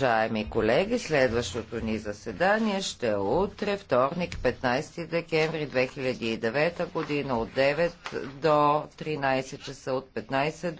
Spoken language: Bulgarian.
Уважаеми колеги, следващото ни заседание ще е утре, вторник, 15 декември 2009 година от 9 до 13 часа, от 15 до